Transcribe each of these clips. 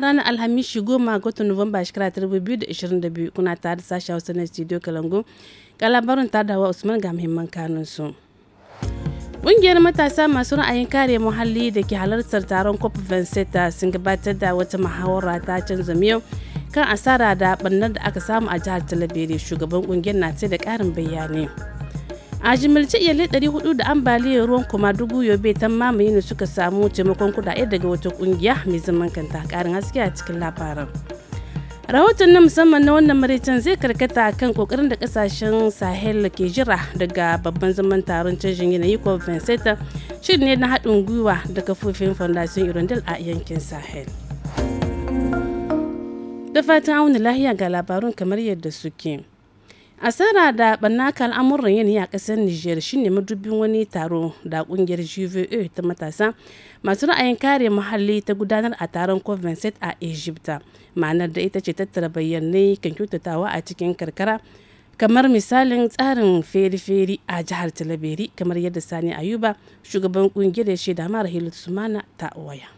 ranar Alhamishi goma ga Nuwamba shekara ta dubu kuna tare da sashen Hausa na Studio Kalangu. Ga labarin ta dawa Usman ga muhimman kanunsu. Ƙungiyar matasa masu ra'ayin kare muhalli da ke halartar taron COP Venceta sun gabatar da wata muhawara ta canza miyau kan asara da ɓannar da aka samu a jihar Talabere shugaban ƙungiyar na ce da ƙarin bayani. a jimilce dari hudu da ambaliyar ruwan kuma dubu yobe ta mamaye ne suka samu taimakon kudade daga wata kungiya mai zaman kanta karin haske a cikin labarin rahoton na musamman na wannan maraicen zai karkata kan kokarin da kasashen sahel ke jira daga babban zaman taron canjin yanayi ko vincenta shirin ne na haɗin gwiwa da kafofin Foundation irondel a yankin sahel da fatan auna lahiya ga labarun kamar yadda suke a asara da ɓannaka al'amuran yanayi a ƙasar niger shine madubin wani taro da ƙungiyar gva e ta matasa masu ra'ayin kare muhalli ta gudanar a taron cop a egypta ma'anar da ita ce tattara bayanai kan kyautatawa a cikin karkara kamar misalin tsarin feri-feri a jihar talabiri kamar yadda sani ayuba shugaban ƙungiyar ya shaida mara hilut sumana ta waya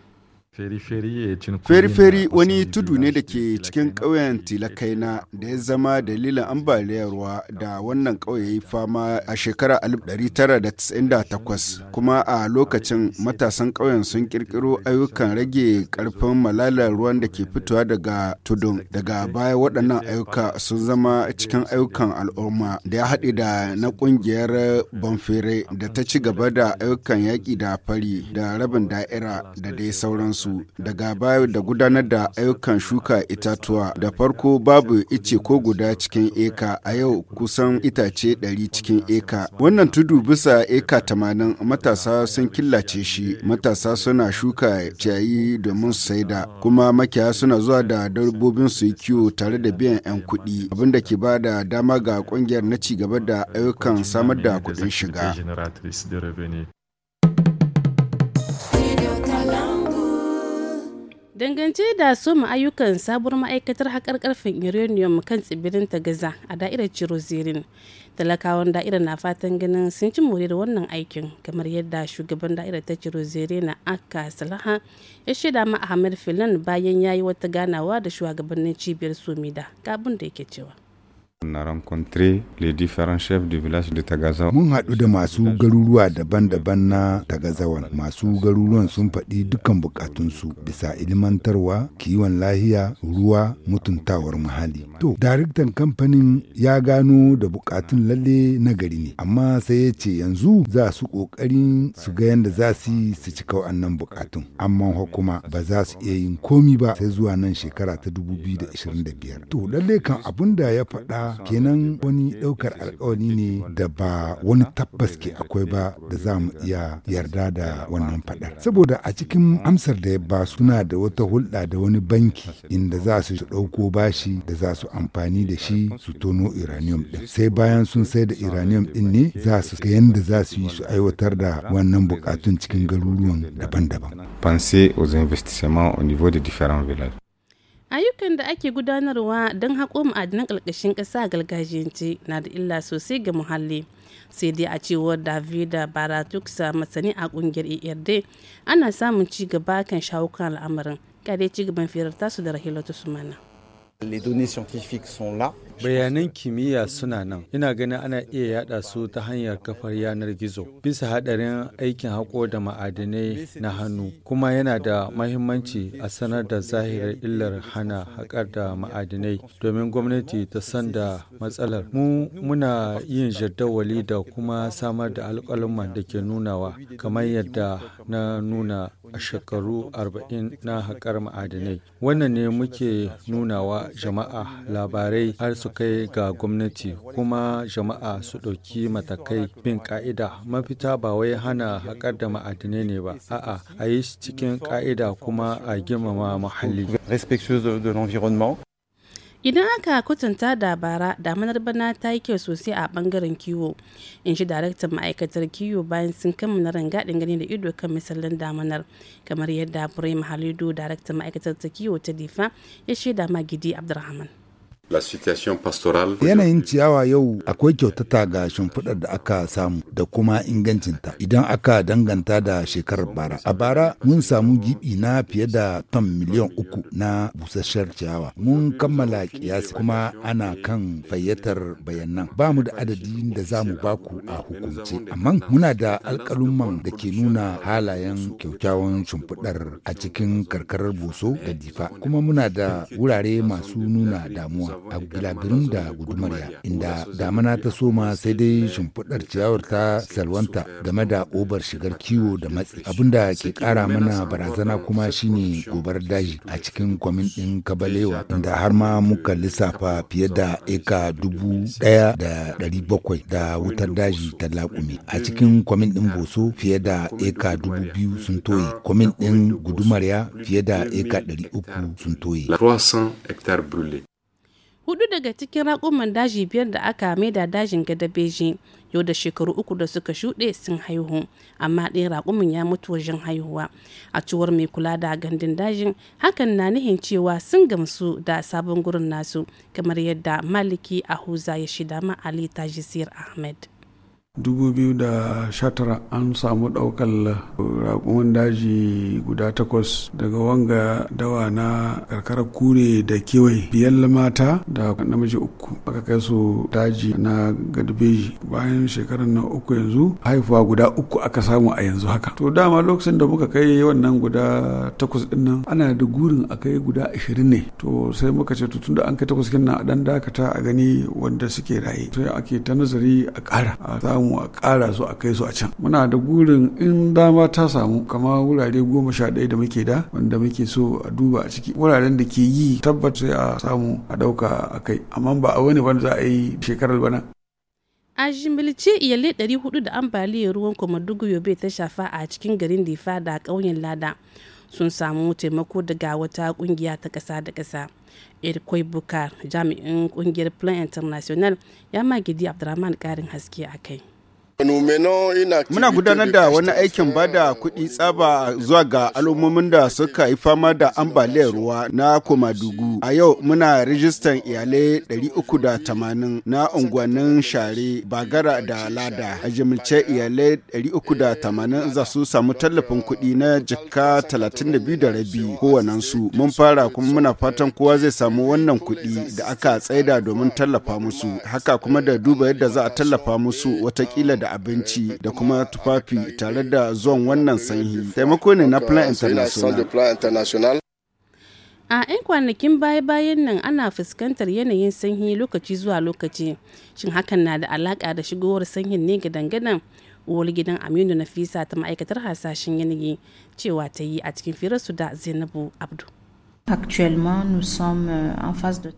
feri-feri wani tudu ne da ke cikin ƙauyen Tilakaina da ya zama dalilin ambaliyar ruwa da wannan ƙauye ya yi fama a shekarar 1998 kuma a lokacin matasan ƙauyen sun ƙirƙiro ayyukan rage ƙarfin malalar ruwan da ke fitowa daga tudun. Daga baya waɗannan ayyuka sun zama cikin ayyukan al'umma da ya haɗe da na ƙungiyar Banfere da ta ci gaba da ayyukan yaƙi da fari da rabin da'ira da dai sauransu. su daga baya da gudanar da ayyukan shuka itatuwa da farko babu ice ko guda cikin eka a yau kusan itace 100 cikin eka wannan tudu bisa eka tamanin matasa sun killace shi matasa suna shuka ciyayi domin saida kuma makiya suna zuwa da dabbobin su kiwo tare da biyan 'yan kuɗi abinda ke ba da dama ga kungiyar na ci gaba da ayyukan samar da kuɗin shiga dangance da soma ayyukan sabuwar ma'aikatar haƙar karfin uranium kan tsibirin ta gaza a da'irar cirozirin talakawan da'ira na fatan ganin sun ci more da wannan aikin kamar yadda shugaban da'irar ta cirozirin na aka salaha ya shaida ma ahmed filan bayan ya yi wata ganawa da shugabannin cibiyar sumida kabin da yake cewa Mun haɗu da masu garuruwa daban-daban na Tagazawan. Masu garuruwan sun faɗi dukkan bukatunsu bisa ilimantarwa, kiwon lahiya, ruwa, mutuntawar muhalli. To, daraktan kamfanin ya gano da bukatun lalle na gari ne, amma sai ya ce yanzu za su ƙoƙarin su ga yadda za su su cika wannan bukatun. Amma hukuma ba za su iya yin komi ba sai zuwa nan shekara ta biyar. To, lalle kan abin da ya faɗa kenan wani ɗaukar alkawari ne da ba wani tabbas ke akwai ba da za mu iya yarda da wannan faɗar. Saboda a cikin amsar da ya ba suna da wata hulɗa da wani banki inda za su ɗauko bashi da za su amfani da shi su tono uranium ɗin. Sai bayan sun sai da uranium ɗin ne za su ga yadda za su yi su aiwatar da wannan bukatun cikin garuruwan daban-daban. Pensez aux investissements au niveau des différents villages. ayyukan da ake gudanarwa don haƙo ma'adinan ƙarƙashin ƙasa gargajiyance na da illa sosai ga muhalli sai dai a cewar davida baratuksa masani a ƙungiyar ard ana samun ci gaba kan shawukan al'amarin kare ci gaban firar tasu da rahilatu sumana Bayanan kimiyya suna nan, ina ganin ana iya yada su ta hanyar kafar yanar gizo bisa hadarin aikin haƙo da ma'adinai na hannu, kuma yana da mahimmanci a sanar da zahirar illar hana haƙar da ma'adinai domin gwamnati ta san da matsalar. Mu muna yin jadawali da kuma samar da alƙalman da ke nunawa, kamar yadda na nuna a shekaru arba'in na haƙar ma'adinai. Wannan ne muke nuna wa jama'a labarai har su kai ga gwamnati kuma jama'a su ɗauki matakai bin ƙa'ida. Mafita ba wai hana haƙar da ma'adinai ne ba, a'a a yi cikin ƙa'ida kuma a girmama muhalli. de idan aka kwatanta da bara damanar bana ta yi kyau sosai a bangaren kiwo in shi daraktan ma'aikatar kiwo bayan sun kammala rangadin gani da ido kan misalin damanar kamar yadda ibrahim halidu daraktan ma'aikatar ta kiwo ta difa ya shaida ma gidi abdulrahman Yanayin ciyawa yau akwai kyautata ga shimfiɗar da aka samu da kuma ingancinta idan aka danganta da shekarar bara. A bara mun samu gibi na fiye da ton miliyan uku na busasshen ciyawa. Mun kammala kiyasi kuma ana kan fayyatar bayanan. Ba mu da adadin da za mu ku a hukunce. Amma muna da alƙalumman da ke nuna halayen kyaukyawan shimfiɗar a cikin karkarar boso da difa. Kuma muna da wurare masu nuna damuwa. a gilabirin da gudumarya inda damana ta soma sai dai shimfiɗar ciyawar ta salwanta game da obar shigar kiwo da matsi abinda ke ƙara mana barazana kuma shine gobar daji a cikin kwamin ɗin kabalewa inda har ma muka lissafa fiye da eka dubu ɗaya da ɗari bakwai da wutar daji ta lakumi. a cikin kwamin ɗin boso fiye da eka dubu biyu sun toye kwamin ɗin gudumarya fiye da eka ɗari uku sun toye. hudu daga cikin raƙuman daji biyar da aka maida dajin gadabeji yau da shekaru uku da suka shuɗe sun haihu amma ɗaya raƙumin ya mutu wajen haihuwa a cewar mai kula da gandun dajin hakan na nihin cewa sun gamsu da sabon gurin nasu kamar yadda maliki ahuza ya shida ma ali tajisir ahmed 2019 an samu ɗaukar rakumin daji guda takwas daga wanga dawa na karkarar kure da kewaye biyar mata da namiji uku aka kai su daji na gadbeji bayan shekarar na uku yanzu haifuwa guda uku aka samu a yanzu haka to dama lokacin da muka kai wannan guda takwas din nan ana da gurin a kai guda ashirin ne to sai muka ce tun da an kai takwas kinna a dan dakata a gani wanda suke raye sai ake ta nazari a kara a samu samu a kara su a kai su a can muna da gurin in dama ta samu kama wurare goma sha ɗaya da muke da wanda muke so a duba a ciki wuraren da ke yi tabbata a samu a ɗauka a kai amma ba a wani wani za a yi shekarar bana a jimilce iyalai hudu da ambaliyar ruwan komadugu yobe ta shafa a cikin garin difa da ƙauyen lada sun samu taimako daga wata kungiya ta ƙasa da ƙasa irkoi buka jami'in kungiyar plan international ya magidi abdurrahman karin haske a kai Muna gudanar da wani aikin ba da kuɗi tsaba zuwa ga al'ummomin da suka yi fama da ambaliyar ruwa na Komadugu. A yau muna rijistan iyalai 380 na unguwannin share bagara da lada. A jimilce iyalai 380 za su samu tallafin kuɗi na jikka 32 da rabi Mun fara kuma muna fatan kowa zai samu wannan kuɗi da aka tsaida domin tallafa musu. Haka kuma da duba yadda za a tallafa musu watakila da abinci da kuma tufafi tare da zuwan wannan sanyi taimako ne na plan international a 'yan kwanakin baya-bayan nan ana fuskantar yanayin sanyi lokaci zuwa lokaci shin hakan na da alaka da shigowar sanyin ne ga dangana uwar gidan aminu nafisa ta ma'aikatar hasashen yanayi cewa ta yi a cikin firarsu da zainabu abdu euh,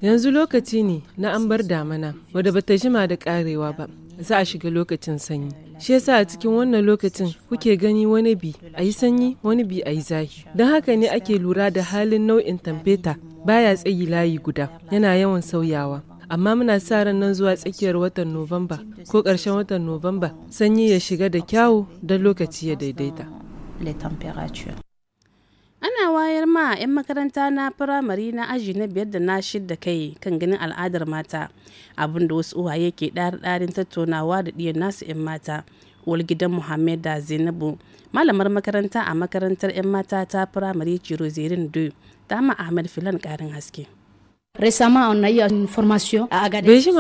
Yanzu lokaci ne na ambar damana wadda bata jima da karewa ba, za a shiga lokacin sanyi shi yasa a cikin wannan lokacin kuke gani wani bi a yi sanyi wani bi a yi zafi don haka ne ake lura da halin nau'in tamfeta baya tsayi layi guda yana yawan sauyawa amma muna sa ran nan zuwa tsakiyar watan Nuwamba ko karshen watan Nuwamba sanyi ya shiga da kyawu don lokaci ya daidaita. wayar ma 'yan makaranta na firamare na aji na biyar da na shidda kai kan ganin al'adar mata abin da wasu uwaye ke ɗarin tattaunawa da ɗiyan nasu 'yan mata walgidan muhammed da zainabu malamar makaranta a makarantar 'yan mata ta firamare ciro zerin ta ma ahmed filan ƙarin haske Bai jima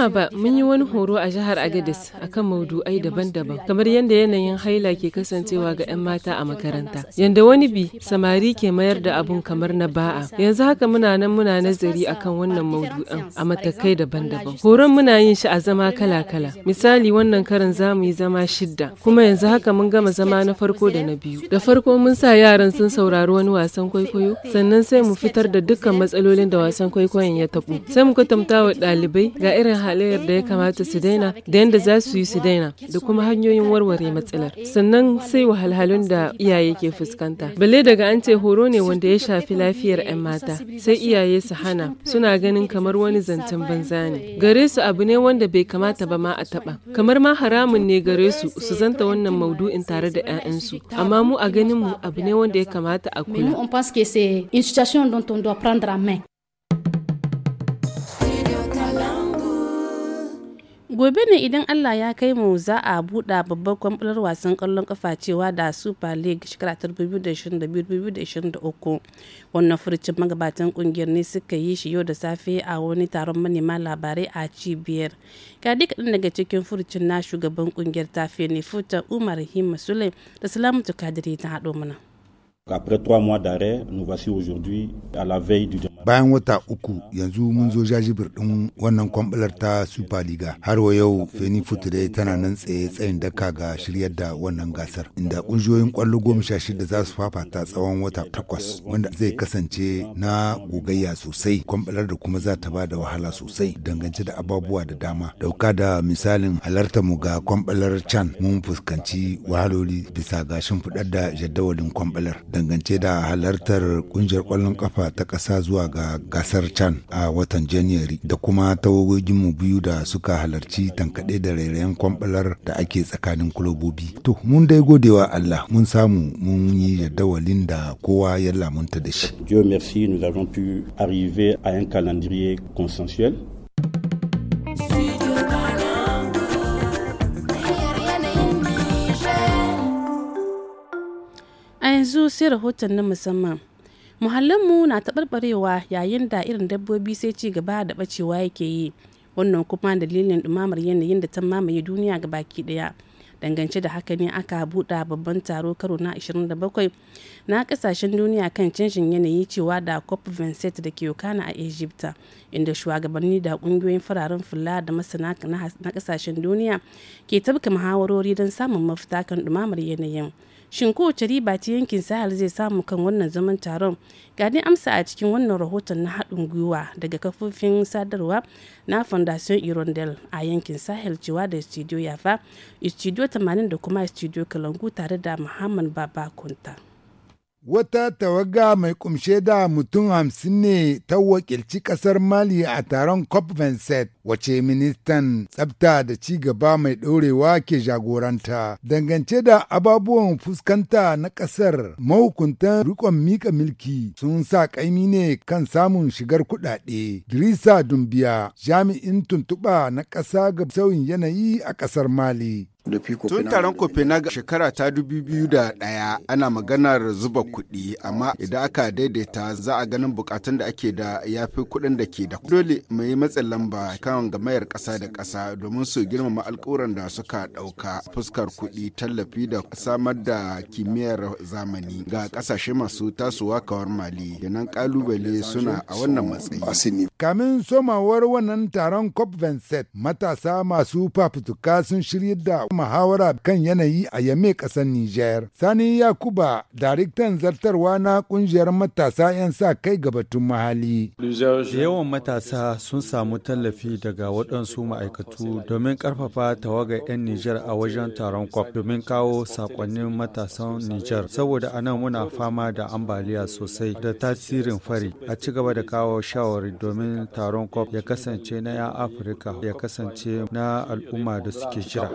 ba mun yi wani horo a jihar Agadez akan maudu'ai daban-daban kamar yadda yanayin haila ke kasancewa ga 'yan mata a makaranta. Yanda wani bi samari ke mayar da abun kamar na ba'a. Yanzu haka muna nan muna nazari akan wannan maudu'an a matakai daban-daban. Horon muna yin shi a zama kala-kala. Misali wannan karin za mu yi zama shidda kuma yanzu haka mun gama zama na farko da na biyu. Da farko mun sa yaran sun saurari wani wasan kwaikwayo sannan sai mu fitar da dukkan matsalolin da wasan kwaikwayon ya taɓo sai muka tamta wa ɗalibai ga irin halayyar da ya kamata su daina da yadda za su yi su daina da kuma hanyoyin warware matsalar sannan sai wahalhalun da iyaye ke fuskanta balle daga an ce horo ne wanda ya shafi lafiyar 'yan mata sai iyaye su hana suna ganin kamar wani zancen banza ne gare su abu ne wanda bai kamata ba ma a taɓa kamar ma haramun ne gare su su zanta wannan maudu'in tare da 'ya'yansu amma mu a ganin mu abu ne wanda ya kamata a kula. gobe ne idan allah ya kai mu za a buɗa babbar kwamfular wasan kwallon kafa cewa da super league shekara 2022-2023 wannan furucin magabatan ƙungiyar ne suka yi shi yau da safe a wani taron manema labarai a cibiyar ga kaɗan daga cikin furucin na shugaban ƙungiyar tafiya ne futa umar himma sule da salamatu kadiri ta haɗo mana Bayan wata uku yanzu mun zo jajibir ɗin wannan kwambalar ta Super Liga. Har wa yau Feni Future tana nan tsaye tsayin daka ga shiryar da wannan gasar. Inda ƙungiyoyin kwallo goma sha shida za su fafata tsawon wata takwas wanda zai kasance na gogayya sosai. Kwambalar da kuma za ta ba da wahala sosai dangance da ababuwa da dama. Dauka da misalin halartar mu ga kwambalar Chan mun fuskanci wahaloli bisa ga shimfiɗar da jadawalin kwambalar. dangance da halartar kungiyar kwallon kafa ta ƙasa zuwa ga gasar can a watan janairu da kuma mu biyu da suka halarci tankaɗe da rairayen kwambalar da ake tsakanin kulobobi to mun dai godewa allah mun samu mun yi jadawalin da kowa ya lamunta da shi merci, nous avons pu arriver à yanzu sai rahoton na musamman muhallinmu na taɓarɓarewa yayin da irin dabbobi sai ci gaba da ɓacewa yake yi wannan kuma dalilin ɗumamar yanayin da ta mamaye duniya ga baki ɗaya dangance da haka ne aka buɗa babban taro karo na 27 na kasashen duniya kan canjin yanayi cewa da cop vincent da ke yokana a egypta inda shugabanni da kungiyoyin fararen fula da masana na kasashen duniya ke tabka muhawarori don samun mafita kan dumamar yanayin shin kowace riba ta yankin sahel zai samu kan wannan zaman taron ga amsa a cikin wannan rahoton na haɗin gwiwa daga kafofin sadarwa na fondation irondel a yankin sahel cewa da studio yafa studio 80 da kuma studio kalangu tare da muhammad baba kunta wata tawaga mai kumshe da mutum hamsin ne ta wakilci kasar mali a taron cop vincent wace ministan tsabta da ci gaba mai ɗorewa ke jagoranta dangance da ababuwan fuskanta na kasar mahukuntan rikon mika milki sun sa kaimi ne kan samun shigar kuɗaɗe drisa dumbiya jami'in tuntuɓa na ƙasa ga sauyin yanayi a kasar mali Tun taron Copenhagen shekara ta biyu da ɗaya ana maganar zuba kuɗi amma idan aka daidaita za a ganin bukatun da ake da yafi kuɗin da ke da dole mu yi matsin lamba kan gamayar ƙasa da ƙasa domin su girmama alƙawuran da suka ɗauka fuskar kuɗi tallafi da samar da kimiyyar zamani ga ƙasashe masu tasowa kawar Mali da nan ƙalubale suna a wannan matsayi. Kamin somawar wannan taron cop matasa masu fafutuka sun shirya da muhawara kan yanayi a Yame kasar Nijar. Sani Yakuba, daraktan zartarwa na ƙungiyar matasa 'yan sa kai ga batun mahali. Yawan matasa sun samu tallafi daga waɗansu ma'aikatu domin ƙarfafa tawagar 'yan Nijar a wajen taron kwaf domin kawo saƙonnin matasan Nijar. Saboda anan muna fama da ambaliya sosai da tasirin fari. A ci gaba da kawo shawari domin taron kwaf ya kasance na 'yan Afirka ya kasance na al'umma da suke jira.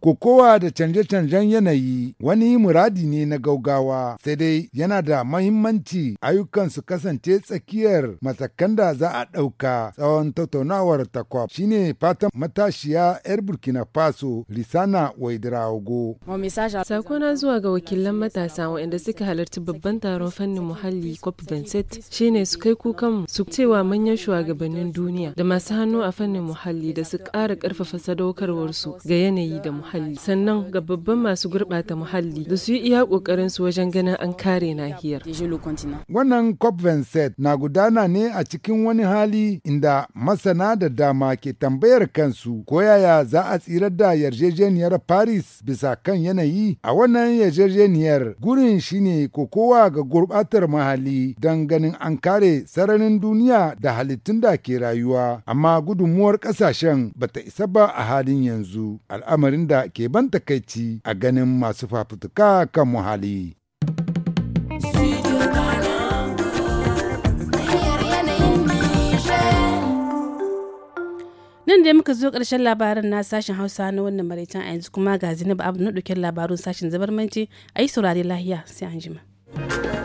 Kokowa da canje-canjen yanayi wani muradi ne na gaugawa sai dai yana da mahimmanci ayyukan su kasance tsakiyar matakan da za a ɗauka tsawon tattaunawar takwa shine fatan matashiya 'yar burkina faso lisana waidirago. sakona zuwa ga wakilan matasa waɗanda suka halarci babban taron fannin muhalli cop 27 shine su kai kukan su cewa manyan shugabannin duniya da masu hannu a fannin muhalli da su ƙara ƙarfafa sadaukarwarsu ga yanayi da muhalli sannan ga babban masu gurɓata muhalli da su yi iya ƙoƙarin su wajen ganin an kare nahiyar. Wannan COP na gudana ne a cikin wani hali inda masana da dama ke tambayar kansu ko yaya za a tsirar da yarjejeniyar Paris bisa kan yanayi a wannan yarjejeniyar gurin shine kokowa ga gurɓatar muhalli don ganin an kare sararin duniya da halittun da ke rayuwa amma gudunmuwar ƙasashen bata isa ba a halin yanzu. al'amarin da ke ban takaici a ganin masu fafutuka kan muhali. nan da muka zo ƙarshen labarin na sashen hausa na wannan maraitan a yanzu kuma ga zinubu abu na ɗauke labarun sashen zabarmanci a yi saurari lahiya sai an jima.